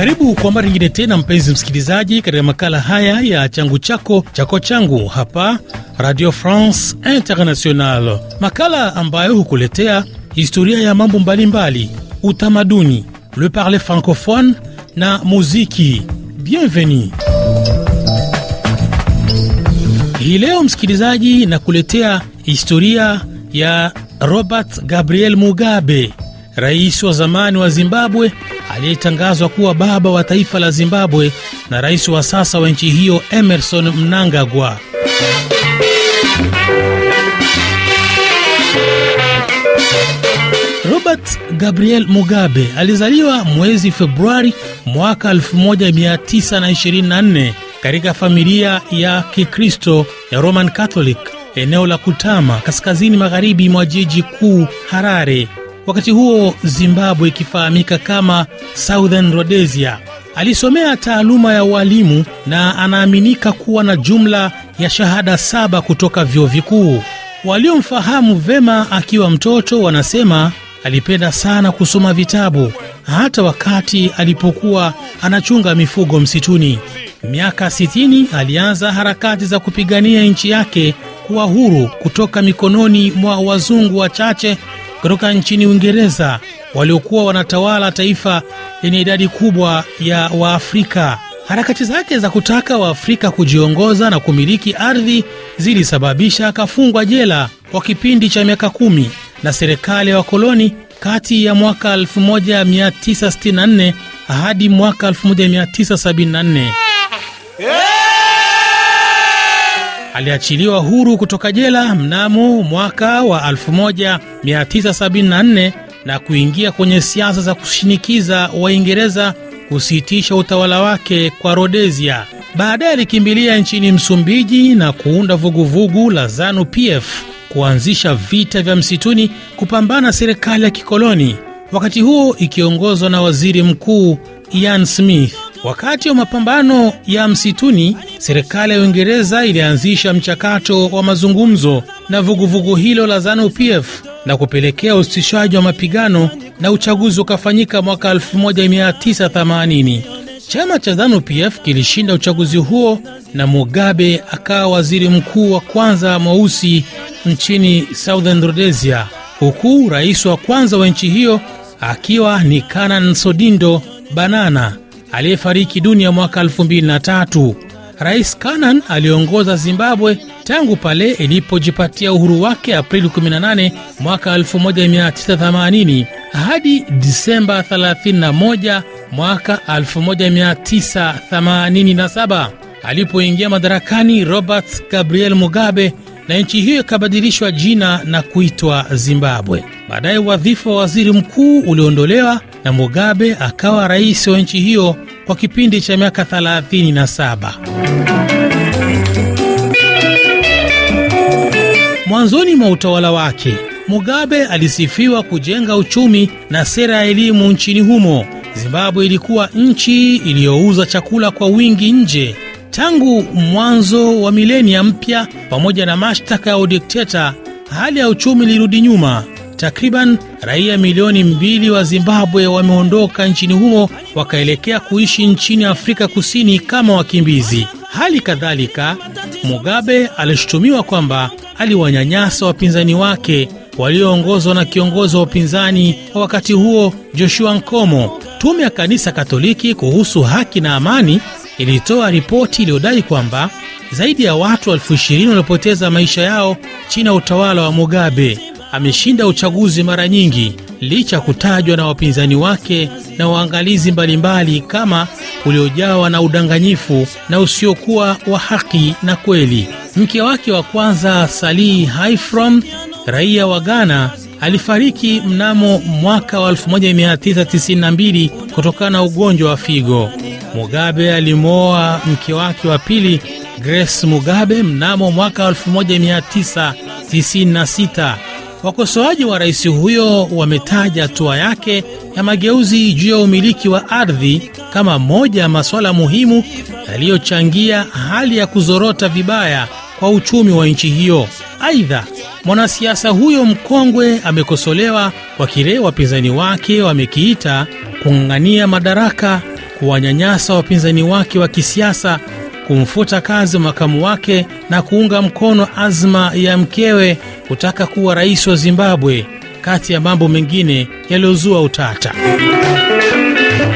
Karibu kwa mara nyingine tena, mpenzi msikilizaji, katika makala haya ya changu chako chako changu hapa Radio France International, makala ambayo hukuletea historia ya mambo mbalimbali, utamaduni, le parle francophone na muziki. Bienvenue. Hii leo msikilizaji, nakuletea historia ya Robert Gabriel Mugabe rais wa zamani wa Zimbabwe aliyetangazwa kuwa baba wa taifa la Zimbabwe na rais wa sasa wa nchi hiyo Emerson Mnangagwa. Robert Gabriel Mugabe alizaliwa mwezi Februari mwaka 1924 katika familia ya Kikristo ya Roman Catholic eneo la Kutama kaskazini magharibi mwa jiji kuu Harare wakati huo Zimbabwe ikifahamika kama Southern Rhodesia. Alisomea taaluma ya ualimu na anaaminika kuwa na jumla ya shahada saba kutoka vyuo vikuu. Waliomfahamu vema akiwa mtoto wanasema alipenda sana kusoma vitabu hata wakati alipokuwa anachunga mifugo msituni. Miaka 60 alianza harakati za kupigania nchi yake kuwa huru kutoka mikononi mwa wazungu wachache kutoka nchini Uingereza waliokuwa wanatawala taifa lenye idadi kubwa ya Waafrika. Harakati zake za kutaka Waafrika kujiongoza na kumiliki ardhi zilisababisha akafungwa jela kwa kipindi cha miaka kumi na serikali ya wakoloni kati ya mwaka 1964 hadi mwaka 1974 aliachiliwa huru kutoka jela mnamo mwaka wa 1974 na kuingia kwenye siasa za kushinikiza Waingereza kusitisha utawala wake kwa Rhodesia. Baadaye alikimbilia nchini Msumbiji na kuunda vuguvugu vugu la ZANU PF kuanzisha vita vya msituni kupambana serikali ya kikoloni, wakati huo ikiongozwa na waziri mkuu Ian Smith. Wakati wa mapambano ya msituni, serikali ya Uingereza ilianzisha mchakato wa mazungumzo na vuguvugu vugu hilo la ZANU-PF na kupelekea usitishaji wa mapigano na uchaguzi ukafanyika mwaka 1980. Chama cha ZANU-PF kilishinda uchaguzi huo na Mugabe akawa waziri mkuu wa kwanza mweusi nchini Southern Rhodesia, huku rais wa kwanza wa nchi hiyo akiwa ni Kanan Sodindo Banana aliyefariki dunia mwaka 2003. Rais Kanan aliongoza Zimbabwe tangu pale ilipojipatia uhuru wake Aprili 18 mwaka 1980 hadi Disemba 31 mwaka 1987 alipoingia madarakani Robert Gabriel Mugabe na nchi hiyo ikabadilishwa jina na kuitwa Zimbabwe. Baadaye wadhifa wa waziri mkuu uliondolewa na Mugabe akawa rais wa nchi hiyo kwa kipindi cha miaka 37. Mwanzoni mwa utawala wake, Mugabe alisifiwa kujenga uchumi na sera ya elimu nchini humo. Zimbabwe ilikuwa nchi iliyouza chakula kwa wingi nje tangu mwanzo wa milenia mpya. Pamoja na mashtaka ya udikteta, hali ya uchumi ilirudi nyuma. Takriban raia milioni mbili wa Zimbabwe wameondoka nchini humo wakaelekea kuishi nchini Afrika Kusini kama wakimbizi. Hali kadhalika, Mugabe alishutumiwa kwamba aliwanyanyasa wapinzani wake walioongozwa na kiongozi wa upinzani wa wakati huo Joshua Nkomo. Tume ya Kanisa Katoliki kuhusu haki na amani ilitoa ripoti iliyodai kwamba zaidi ya watu 20 waliopoteza walipoteza maisha yao chini ya utawala wa Mugabe ameshinda uchaguzi mara nyingi licha kutajwa na wapinzani wake na waangalizi mbalimbali kama uliojawa na udanganyifu na usiokuwa wa haki na kweli. Mke wake wa kwanza Salih Haifrom, raia wa Ghana, alifariki mnamo mwaka wa 1992 kutokana na ugonjwa wa figo. Mugabe alimwoa mke wake wa pili Grace Mugabe mnamo mwaka 1996. Wakosoaji wa rais huyo wametaja hatua yake ya mageuzi juu ya umiliki wa ardhi kama moja ya masuala muhimu yaliyochangia hali ya kuzorota vibaya kwa uchumi wa nchi hiyo. Aidha, mwanasiasa huyo mkongwe amekosolewa kwa kile wapinzani wake wamekiita kung'ang'ania madaraka, kuwanyanyasa wapinzani wake wa kisiasa kumfuta kazi makamu wake na kuunga mkono azma ya mkewe kutaka kuwa rais wa Zimbabwe, kati ya mambo mengine yaliyozua utata.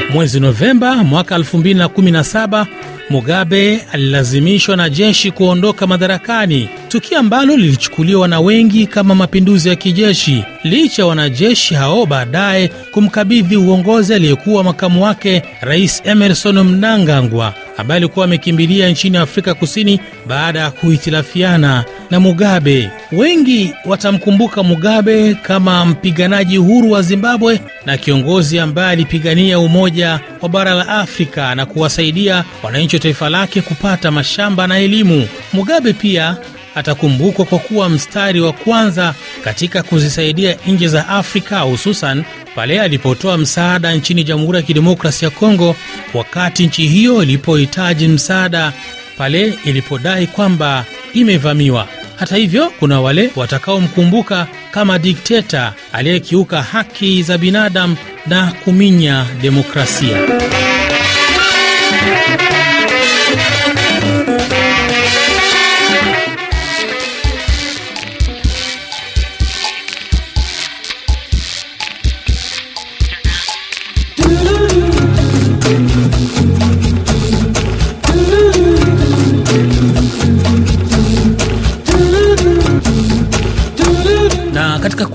Mwezi Novemba mwaka 2017 Mugabe alilazimishwa na jeshi kuondoka madarakani tukio ambalo lilichukuliwa na wengi kama mapinduzi ya kijeshi, licha wanajeshi hao baadaye kumkabidhi uongozi aliyekuwa makamu wake Rais Emerson Mnangagwa ambaye alikuwa amekimbilia nchini Afrika Kusini baada ya kuhitilafiana na Mugabe. Wengi watamkumbuka Mugabe kama mpiganaji huru wa Zimbabwe na kiongozi ambaye alipigania umoja wa bara la Afrika na kuwasaidia wananchi wa taifa lake kupata mashamba na elimu. Mugabe pia atakumbukwa kwa kuwa mstari wa kwanza katika kuzisaidia nchi za Afrika hususan pale alipotoa msaada nchini Jamhuri ya Kidemokrasia ya Kongo wakati nchi hiyo ilipohitaji msaada pale ilipodai kwamba imevamiwa. Hata hivyo, kuna wale watakaomkumbuka kama dikteta aliyekiuka haki za binadamu na kuminya demokrasia.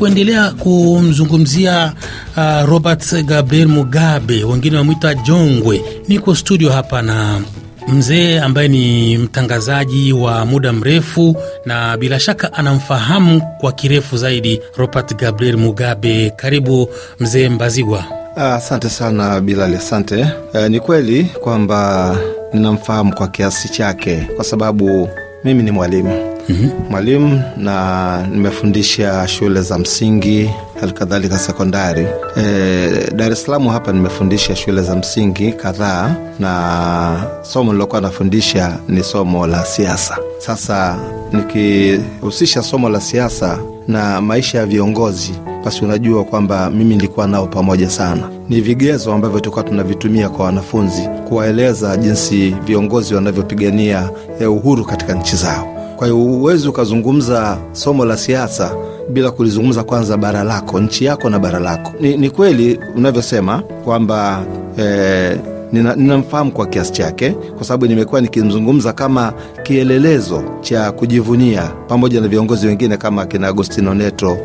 kuendelea kumzungumzia uh, Robert Gabriel Mugabe, wengine wamwita Jongwe. Niko studio hapa na mzee ambaye ni mtangazaji wa muda mrefu na bila shaka anamfahamu kwa kirefu zaidi Robert Gabriel Mugabe. Karibu mzee Mbazigwa. Asante uh, sana Bilali. Asante. Uh, ni kweli kwamba ninamfahamu kwa kiasi chake, kwa sababu mimi ni mwalimu mm-hmm. mwalimu na nimefundisha shule za msingi halikadhalika sekondari e, Dar es Salaam hapa nimefundisha shule za msingi kadhaa, na somo nilokuwa nafundisha ni somo la siasa. Sasa nikihusisha somo la siasa na maisha ya viongozi, basi unajua kwamba mimi nilikuwa nao pamoja sana. Ni vigezo ambavyo tulikuwa tunavitumia kwa wanafunzi kuwaeleza jinsi viongozi wanavyopigania eh, uhuru katika nchi zao. Kwa hiyo huwezi ukazungumza somo la siasa bila kulizungumza kwanza bara lako, nchi yako na bara lako. Ni, ni kweli unavyosema kwamba eh, ninamfahamu nina kwa kiasi chake, kwa sababu nimekuwa nikimzungumza kama kielelezo cha kujivunia, pamoja na viongozi wengine kama akina Agostino Neto,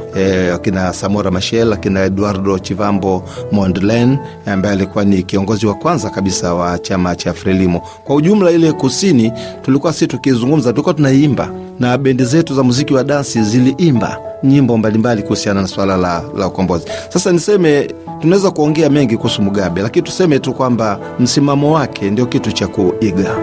akina eh, Samora Machel, akina Eduardo Chivambo Mondlen ambaye alikuwa ni kiongozi wa kwanza kabisa wa chama cha Frelimo. Kwa ujumla, ile kusini tulikuwa si tukizungumza, tulikuwa tunaimba na bendi zetu za muziki wa dansi ziliimba nyimbo mbalimbali kuhusiana na swala la, la ukombozi. Sasa niseme tunaweza kuongea mengi kuhusu Mugabe, lakini tuseme tu kwamba msimamo wake ndio kitu cha kuiga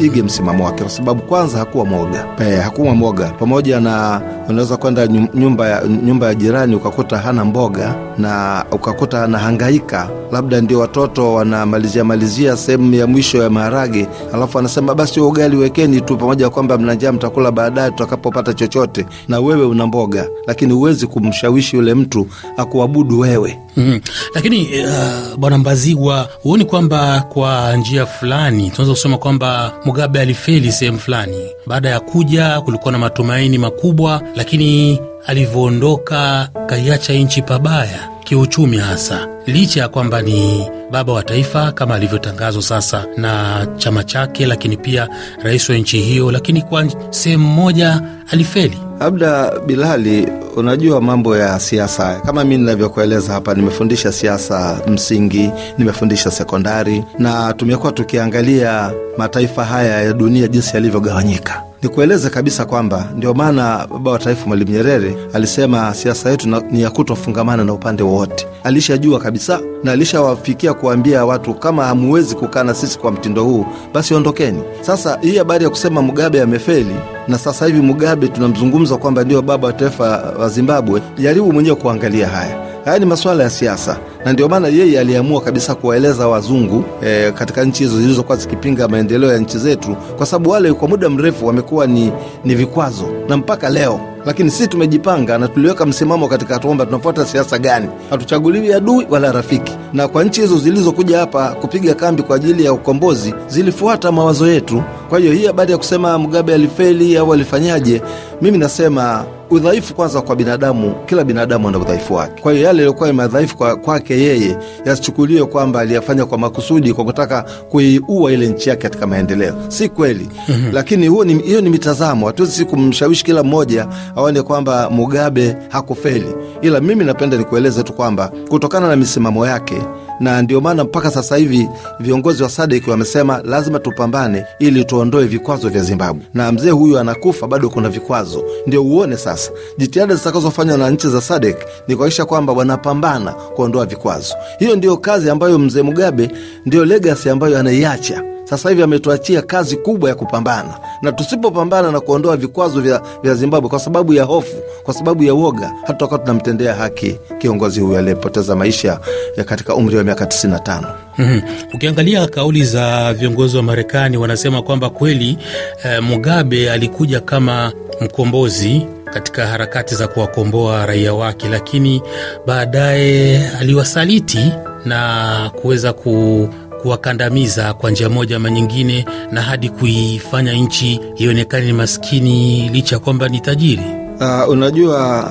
ige msimamo wake, kwa sababu kwanza hakuwa mwoga e, hakuwa mwoga. Pamoja na unaweza kwenda nyumba ya, nyumba ya jirani ukakuta hana mboga na ukakuta anahangaika, labda ndio watoto wanamalizia malizia sehemu ya mwisho ya maharage, alafu anasema basi ugali wekeni tu, pamoja na kwamba mnanjaa mtakula baadaye tutakapopata chochote, na wewe una mboga, lakini huwezi kumshawishi yule mtu akuabudu wewe. Mm. Lakini uh, Bwana Mbazigwa, huoni kwamba kwa njia fulani tunaweza kusema kwamba Mugabe alifeli sehemu fulani. Baada ya kuja, kulikuwa na matumaini makubwa, lakini alivyoondoka kaiacha nchi pabaya kiuchumi, hasa licha ya kwamba ni baba wa taifa kama alivyotangazwa sasa na chama chake, lakini pia rais wa nchi hiyo, lakini kwa sehemu moja alifeli. Labda Bilali unajua mambo ya siasa kama mi ninavyokueleza hapa, nimefundisha siasa msingi, nimefundisha sekondari, na tumekuwa tukiangalia mataifa haya ya dunia jinsi yalivyogawanyika ni kueleza kabisa kwamba ndio maana baba wa taifa Mwalimu Nyerere alisema siasa yetu na, ni ya kutofungamana na upande wowote. Alishajua kabisa na alishawafikia kuambia watu kama hamuwezi kukaa na sisi kwa mtindo huu, basi ondokeni. Sasa hii habari ya kusema Mugabe amefeli na sasa hivi Mugabe tunamzungumza kwamba ndio baba wa taifa wa Zimbabwe, jaribu mwenyewe kuangalia haya Haya ni masuala ya siasa, na ndio maana yeye aliamua kabisa kuwaeleza wazungu e, katika nchi hizo zilizokuwa zikipinga maendeleo ya nchi zetu, kwa sababu wale kwa muda mrefu wamekuwa ni, ni vikwazo na mpaka leo lakini sisi tumejipanga na tuliweka msimamo katika tuomba, tunafuata siasa gani. Hatuchaguliwi adui wala rafiki, na kwa nchi hizo zilizokuja hapa kupiga kambi kwa ajili ya ukombozi zilifuata mawazo yetu. Kwa hiyo hii habari ya kusema Mugabe alifeli au alifanyaje, mimi nasema udhaifu kwanza kwa binadamu, kila binadamu ana udhaifu wake. Kwa hiyo yale yaliyokuwa madhaifu kwake kwa yeye yasichukuliwe kwamba aliyafanya kwa makusudi kwa kutaka kuiua ile nchi yake katika maendeleo, si kweli. Mhm. Lakini hiyo ni, hiyo ni mitazamo. Hatuwezi si kumshawishi kila mmoja aone kwamba Mugabe hakufeli, ila mimi napenda nikueleze tu kwamba kutokana na misimamo yake na ndio maana mpaka sasa hivi viongozi wa SADC wamesema lazima tupambane ili tuondoe vikwazo vya Zimbabwe, na mzee huyu anakufa bado kuna vikwazo. Ndio uone sasa jitihada zitakazofanywa na nchi za SADC ni kuhakikisha kwamba wanapambana kuondoa vikwazo. Hiyo ndiyo kazi ambayo mzee Mugabe, ndio legasi ambayo anaiacha sasa hivi ametuachia kazi kubwa ya kupambana, na tusipopambana na kuondoa vikwazo vya, vya Zimbabwe kwa sababu ya hofu, kwa sababu ya uoga, hatutakuwa tunamtendea haki kiongozi huyo aliyepoteza maisha katika umri wa miaka 95. Mm-hmm. Ukiangalia kauli za viongozi wa Marekani wanasema kwamba kweli eh, Mugabe alikuja kama mkombozi katika harakati za kuwakomboa raia wake, lakini baadaye aliwasaliti na kuweza ku kuwakandamiza kwa njia moja ama nyingine, na hadi kuifanya nchi ionekane ni maskini licha ya kwamba ni tajiri. Uh, unajua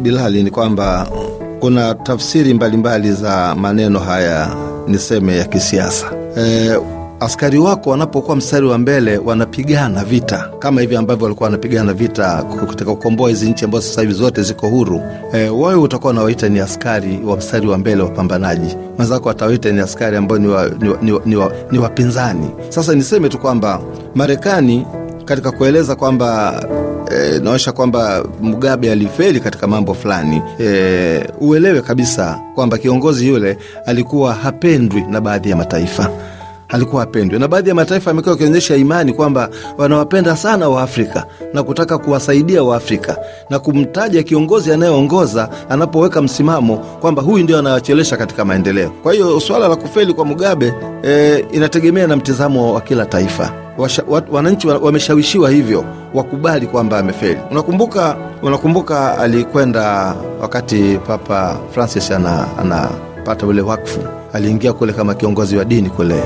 Bilali, ni kwamba kuna tafsiri mbalimbali mbali za maneno haya niseme ya kisiasa eh, askari wako wanapokuwa mstari wa mbele wanapigana vita kama hivi ambavyo walikuwa wanapigana vita katika kukomboa hizi nchi ambazo sasa hivi zote ziko huru. E, wawe utakuwa unawaita ni askari wa mstari wa mbele wapambanaji, mwenzako watawaita ni askari ambao ni, wa, ni, wa, ni, wa, ni, wa, ni wapinzani. Sasa niseme tu kwamba Marekani katika kueleza kwamba e, naonyesha kwamba Mugabe alifeli katika mambo fulani e, uelewe kabisa kwamba kiongozi yule alikuwa hapendwi na baadhi ya mataifa alikuwa apendwe, na baadhi ya mataifa yamekuwa yakionyesha imani kwamba wanawapenda sana Waafrika na kutaka kuwasaidia Waafrika na kumtaja kiongozi anayeongoza anapoweka msimamo kwamba huyu ndio anawachelesha katika maendeleo. Kwa hiyo suala la kufeli kwa Mugabe e, inategemea na mtizamo wa kila taifa. Wananchi wameshawishiwa hivyo wakubali kwamba amefeli. Unakumbuka, unakumbuka alikwenda wakati Papa Francis anapata ana ule wakfu aliingia kule kama kiongozi wa dini kule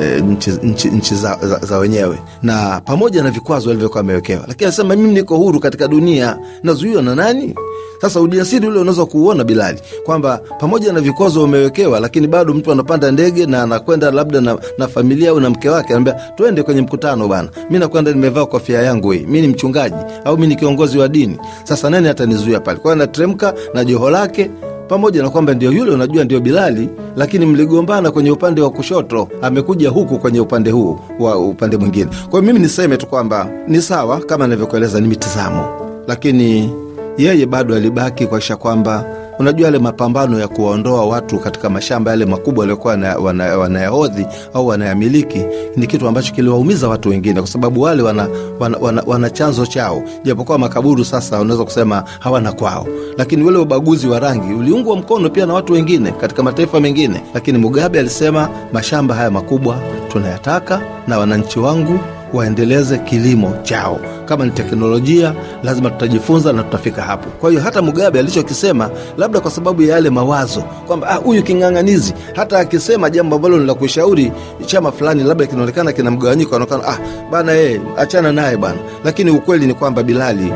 e, nchi, nchi, nchi za, za, za wenyewe na pamoja na vikwazo alivyokuwa amewekewa, lakini anasema mimi niko huru katika dunia, nazuiwa na nani? Sasa ujasiri ule unaweza kuuona Bilali, kwamba pamoja na vikwazo umewekewa, lakini bado mtu anapanda ndege na anakwenda labda na, na familia au na mke wake, anaambia tuende kwenye mkutano bana, mi nakwenda nimevaa kofia yangu hii, mi ni mchungaji au mi ni kiongozi wa dini, sasa nani atanizuia pale? Kwa hiyo anateremka na joho lake pamoja na kwamba ndio yule unajua ndio Bilali, lakini mligombana kwenye upande wa kushoto, amekuja huku kwenye upande huu wa upande mwingine. Kwa hiyo mimi niseme tu kwamba ni sawa, kama nilivyokueleza, ni mitazamo, lakini yeye bado alibaki kuakisha kwamba Unajua yale mapambano ya kuwaondoa watu katika mashamba yale makubwa waliokuwa wanayahodhi wana, wana au wanayamiliki ni kitu ambacho kiliwaumiza watu wengine, kwa sababu wale wana, wana, wana, wana chanzo chao, japokuwa makaburu sasa unaweza kusema hawana kwao, lakini ule ubaguzi wa rangi uliungwa mkono pia na watu wengine katika mataifa mengine. Lakini Mugabe alisema mashamba haya makubwa tunayataka, na wananchi wangu waendeleze kilimo chao kama ni teknolojia, lazima tutajifunza na tutafika hapo. Kwa hiyo hata Mugabe alichokisema, labda kwa sababu ya yale mawazo kwamba ah, huyu king'ang'anizi hata akisema jambo ambalo ni la kushauri chama fulani, labda kinaonekana kina mgawanyiko, anaonekana ah, bana yeye, eh, achana naye bana. Lakini ukweli ni kwamba Bilali,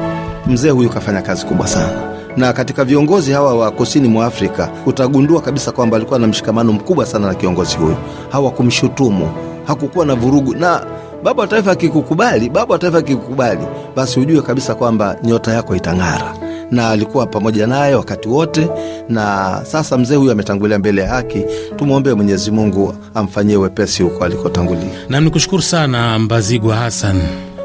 mzee huyu kafanya kazi kubwa sana na katika viongozi hawa wa kusini mwa Afrika utagundua kabisa kwamba alikuwa na mshikamano mkubwa sana na kiongozi huyu. Hawakumshutumu, hakukuwa na vurugu na baba wa taifa akikukubali, baba wa taifa akikukubali, basi ujue kabisa kwamba nyota yako itang'ara na alikuwa pamoja naye wakati wote. Na sasa mzee huyu ametangulia mbele ya haki, tumwombee Mwenyezi Mungu amfanyie wepesi huko alikotangulia. Nam ni kushukuru sana Mbazigwa Hasan.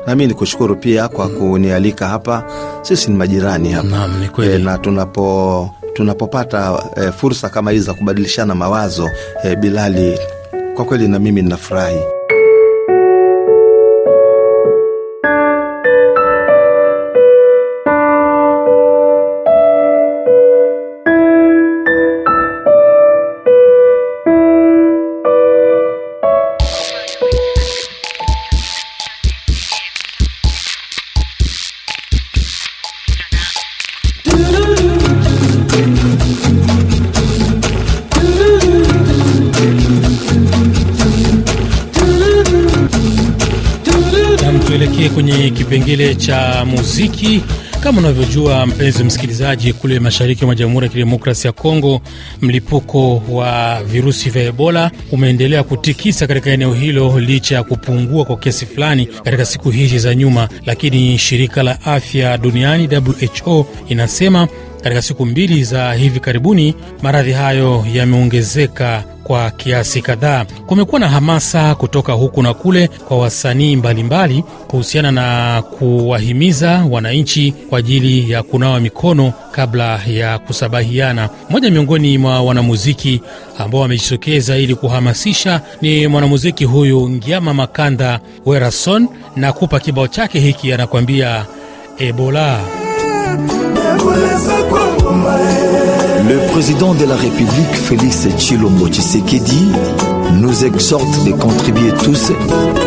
Nami ni kushukuru pia kwa kunialika hapa, sisi ni majirani hapa. Naam, ni kweli. E, na tunapo tunapopata e, fursa kama hizi za kubadilishana mawazo e, Bilali, kwa kweli na mimi ninafurahi. tuelekee kwenye kipengele cha muziki. Kama unavyojua mpenzi msikilizaji, kule mashariki mwa Jamhuri ya Kidemokrasi ya Kongo, mlipuko wa virusi vya Ebola umeendelea kutikisa katika eneo hilo licha ya kupungua kwa kiasi fulani katika siku hizi za nyuma, lakini shirika la afya duniani WHO inasema katika siku mbili za hivi karibuni maradhi hayo yameongezeka kwa kiasi kadhaa. Kumekuwa na hamasa kutoka huku na kule kwa wasanii mbalimbali kuhusiana na kuwahimiza wananchi kwa ajili ya kunawa mikono kabla ya kusabahiana. Mmoja miongoni mwa wanamuziki ambao wamejitokeza ili kuhamasisha ni mwanamuziki huyu Ngiama Makanda Werason, na kupa kibao chake hiki, anakuambia Ebola, Ebola Le président de la République, Félix Tshilombo Tshisekedi, nous exhorte de contribuer tous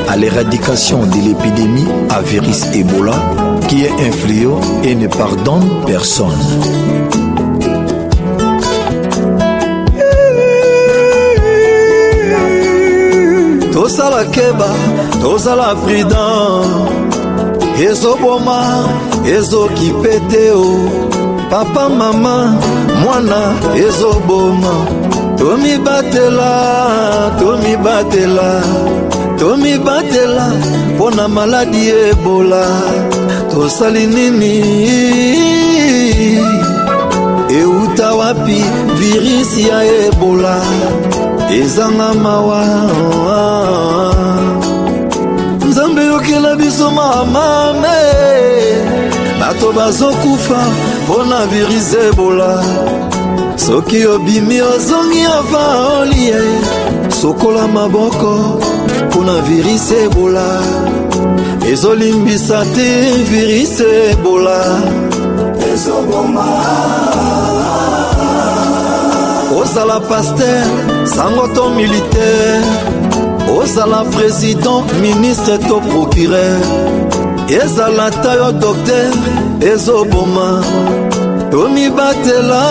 à l'éradication de l'épidémie à virus Ebola qui est un fléau et ne pardonne personne. la keba tozala papa mama mwana ezoboma tomibatela tomibatela tomibatela mpo na maladi ebola tosali nini euta wapi virisi ya ebola ezanga mawa nzambe yokela biso mamame bato bazokufa mpona virus ebola soki obimi ozongi ova olie sokola maboko mpona virus ebola ezolimbisa te virus ebola ezoboma ozala paster sango to militaire ozala président ministre to procureur ezala ta yo docteur ezoboma tomibatela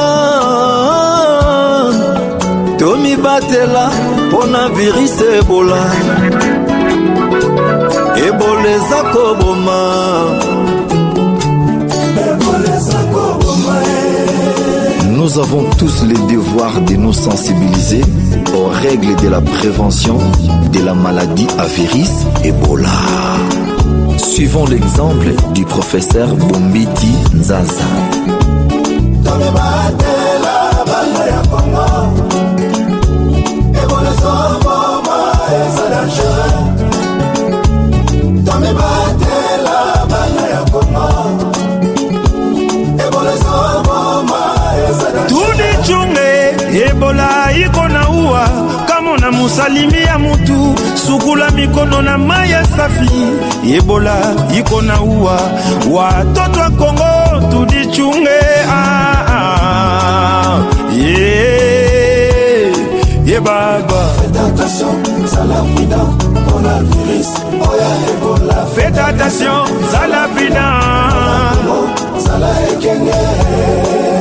tomibatela mpo na virisi ebola ebola eza koboma eh. Nous avons tous le devoir de nous sensibiliser aux règles de la prévention de la maladie à virus Ebola. suivons l'exemple du professeur Bombiti Nzaza. sukula mikono na mai ya safi ebola iko na uwa watoto wa kongo tudichunge ah, ah, yeah, ye baba faites attention zala bina zala ekenge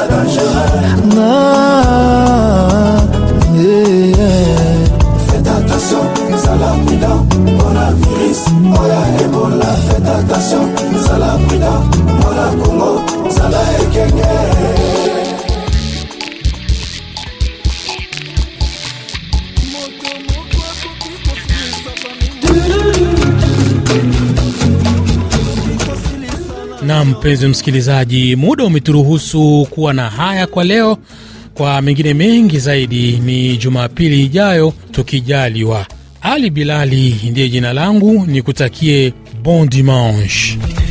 dangereux. Na mpenzi msikilizaji, muda umeturuhusu kuwa na haya kwa leo. Kwa mengine mengi zaidi ni Jumapili ijayo tukijaliwa. Ali Bilali ndiye jina langu, ni kutakie bon dimanche.